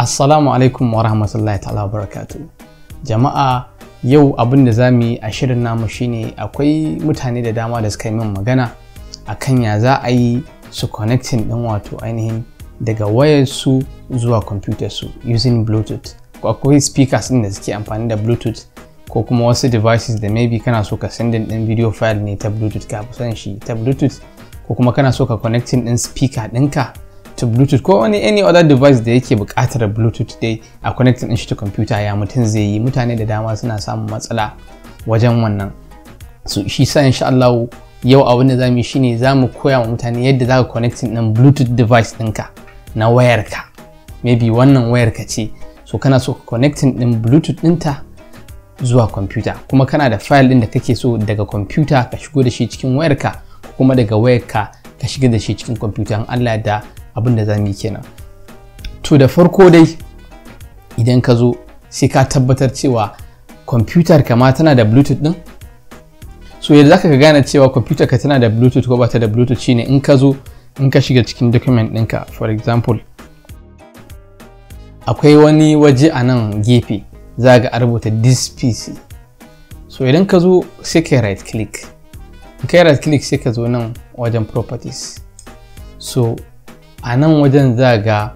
Assalamu alaikum wa rahmatullahi ta'ala barakatu. Jama'a yau abin da zamu yi a shirin namu shine akwai mutane da dama da suka yi min magana akan ya za a yi su connecting din wato ainihin daga wayar su zuwa computer su using bluetooth ko akwai speakers din da suke amfani da bluetooth ko kuma wasu devices da maybe kana so ka sendin din video file ne ta bluetooth ka san shi ta bluetooth ko kuma kana so ka connecting din speaker ɗinka to bluetooth ko wani any other device da yake buƙatar bluetooth dai a connecting din shi to computer ya mutum zai yi mutane da dama suna samun matsala wajen wannan so shi sa insha Allah yau abin da zamu yi shine zamu koya wa mutane yadda zaka connecting din bluetooth device ɗinka na wayar ka maybe wannan wayar ka ce so kana so ka connecting din bluetooth ɗinta zuwa computer kuma kana da file ɗin da kake so daga computer ka shigo da shi cikin wayarka kuma daga wayarka ka shiga da shi cikin kwamfuta in Allah da abin da za yi kenan to da farko dai idan ka zo sai ka tabbatar cewa kwamfutar ka ma tana da bluetooth din so yadda zaka gane cewa kwamfutar ka tana da bluetooth ko ba ta da bluetooth shine in ka zo in ka shiga cikin document ɗinka for example akwai wani waje a nan gefe za ga rubuta this pc so idan ka zo sai ka right click in ka right click sai ka zo nan wajen properties so a nan wajen za ga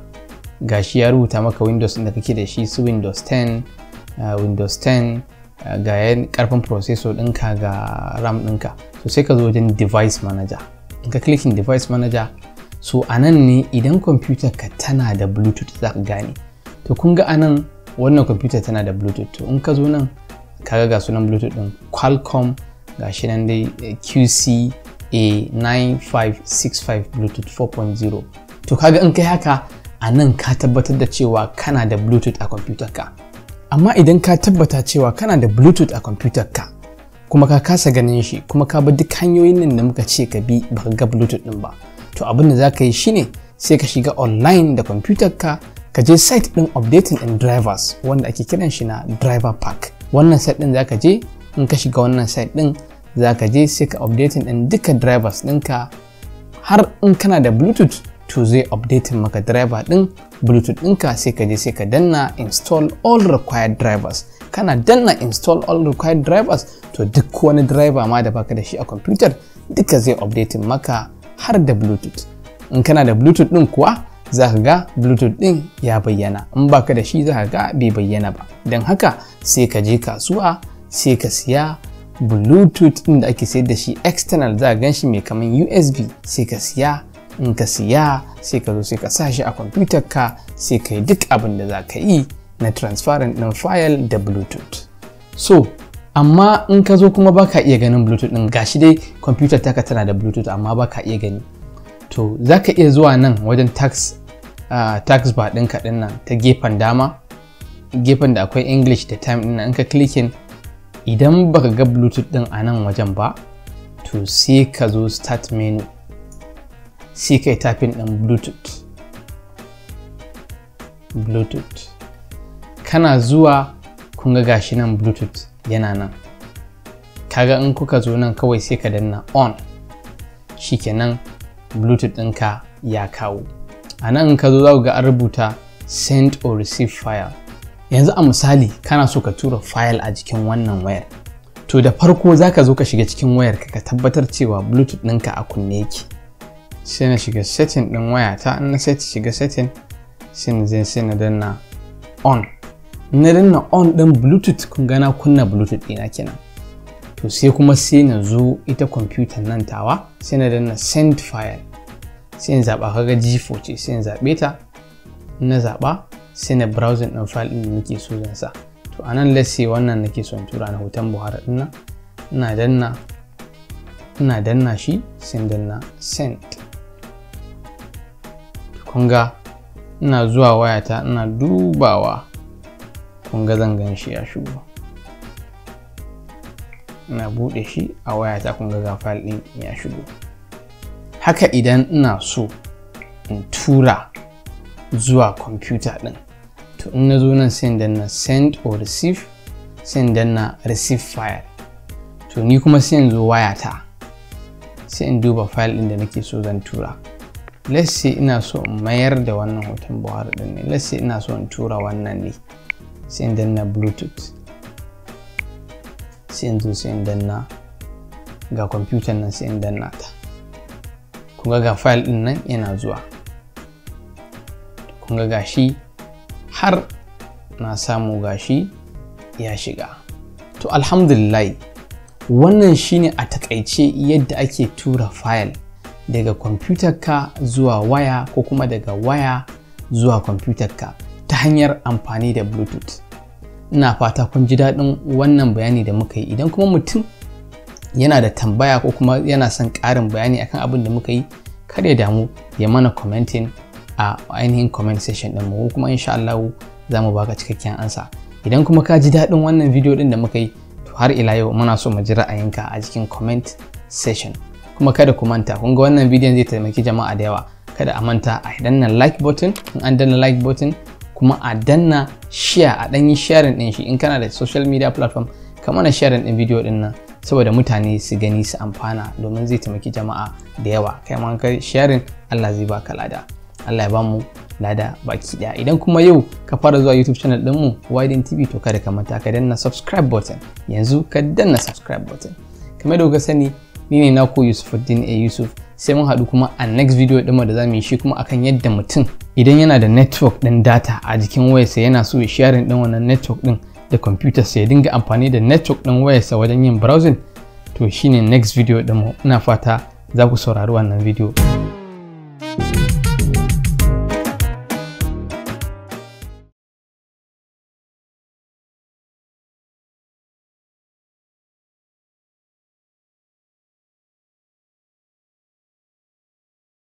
gashi ya rubuta maka windows da kake da shi su windows 10 uh, windows 10 uh, ga yan karfin processor ɗinka ga ram ɗinka so sai ka zo wajen device manager in ka clicking device manager so a nan ne idan computer ka tana da bluetooth za ka gane to kun ga a nan wannan computer tana da bluetooth to in ka zo nan kaga ga sunan bluetooth ɗin qualcomm ga shi nan dai eh, QC a 9565 bluetooth 4.0 to kaga in kai haka a nan ka tabbatar da cewa kana da bluetooth a kwamfutar ka amma idan ka tabbata cewa kana da bluetooth a kwamfutar ka kuma ka kasa ganin shi kuma ka bar duk hanyoyin nan da muka ce ka bi baka ga bluetooth din ba to abin da za yi shine sai ka shiga online da kwamfutar ka ka je site din updating and drivers wanda ake kiran shi na driver park. wannan site din zaka je in ka shiga wannan site din zaka je sai ka updating din duka drivers ka, har in kana da bluetooth to zai updating maka driver din bluetooth ka sai ka je sai ka danna install all required drivers kana danna install all required drivers to duk wani driver ma da baka da shi a computer duka zai updating maka har da bluetooth in kana da bluetooth ɗin kuwa za ka ga bluetooth ɗin ya bayyana in baka da shi za ka ga bai bayyana ba don haka sai ka je kasuwa sai ka siya bluetooth ɗin da ake sayar da shi external za ka gan shi mai kaman usb sai ka siya in ka siya sai ka zo sai ka sa shi a kwamfutar ka sai ka yi duk abin da za ka yi na transparent ɗin file da bluetooth so amma in ka zo kuma baka iya ganin bluetooth ɗin gashi dai kwamfutar taka tana da bluetooth amma baka iya gani to za ka iya zuwa nan wajen tax ba ɗin bar ɗinka ɗin nan ta gefen dama gefen da akwai english da time ɗin nan in ka clicking idan baka ga bluetooth ɗin a nan wajen ba to sai ka zo start menu sai kai tafin ɗin bluetooth bluetooth kana zuwa kunga gashi nan bluetooth yana nan kaga in kuka zo nan kawai sai ka danna on shikenan bluetooth ɗinka ya kawo a nan in ka zo za ga an rubuta send or receive file yanzu a misali kana so ka tura file a jikin wannan wayar to da farko za ka zo ka shiga cikin wayar ka tabbatar cewa bluetooth ɗinka a kunne yake sai na shiga setting ɗin wayata in na set shiga setting sai na je sai na danna on na danna on ɗin bluetooth kun gana kunna bluetooth ɗina kenan to sai kuma sai na zo ita computer nan tawa sai na danna send file sai na zaɓa kaga g4 ce sai na zaɓe ta na zaɓa sai na browsing ɗin file ɗin da nake so zan sa to a nan lasse wannan nake son tura na hoton buhari ɗin nan ina danna ina danna shi sai danna send kunga ina zuwa wayata ina dubawa kunga zan gan shi ya shigo ina buɗe shi a wayata kunga ga file ɗin ya shigo haka idan ina so in tura zuwa kwamfuta ɗin to in na zo nan sai in danna send or receive sai in danna receive file to ni kuma sai in zo wayata sai in duba file ɗin da nake so zan tura Lassi ina so in mayar da wannan hoton buhari din ne let's ina so in tura wannan ne sai in danna bluetooth sai in zo sai in danna ga kwamfutan nan sai in danna ta kunga ga file din nan yana zuwa kunga ga shi har na samu gashi ya shiga to alhamdulillah wannan shine a takaice yadda ake tura file daga kwamfutarka zuwa waya ko kuma daga waya zuwa kwamfutarka ta hanyar amfani da bluetooth ina fata kun ji daɗin wannan bayani da muka yi idan kuma mutum yana da tambaya ko kuma yana son ƙarin bayani akan abin da muka yi kar ya damu ya mana commenting a ainihin comment section ɗin mu kuma insha Allah za mu baka cikakken ansa idan kuma ka ji daɗin wannan video ɗin da muka yi to har ila yau muna so mu ji ra'ayinka a cikin comment session kuma kada ku manta kun ga wannan bidiyon zai taimaki jama'a da yawa kada a manta a danna like button in an danna like button kuma a danna share a dan yi sharing ɗin shi in kana da social media platform ka mana sharing ɗin bidiyo ɗin nan saboda mutane su gani su amfana domin zai taimaki jama'a da yawa kai ma kai sharing Allah zai baka lada Allah ya ba mu lada baki daya idan kuma yau ka fara zuwa YouTube channel mu Widen TV to kada ka manta ka danna subscribe button yanzu ka danna subscribe button kamar da kuka sani ni ne naku yusufuddin a yusuf sai mun haɗu kuma a next video ɗinmu da zamu yi shi kuma akan yadda mutum idan yana da network ɗin data a jikin wayarsa yana so ya sharing ɗin wannan network ɗin da computer sa ya dinga amfani da network ɗin wayarsa wajen yin browsing to shine next video ɗinmu ina fata za ku saurari wannan video.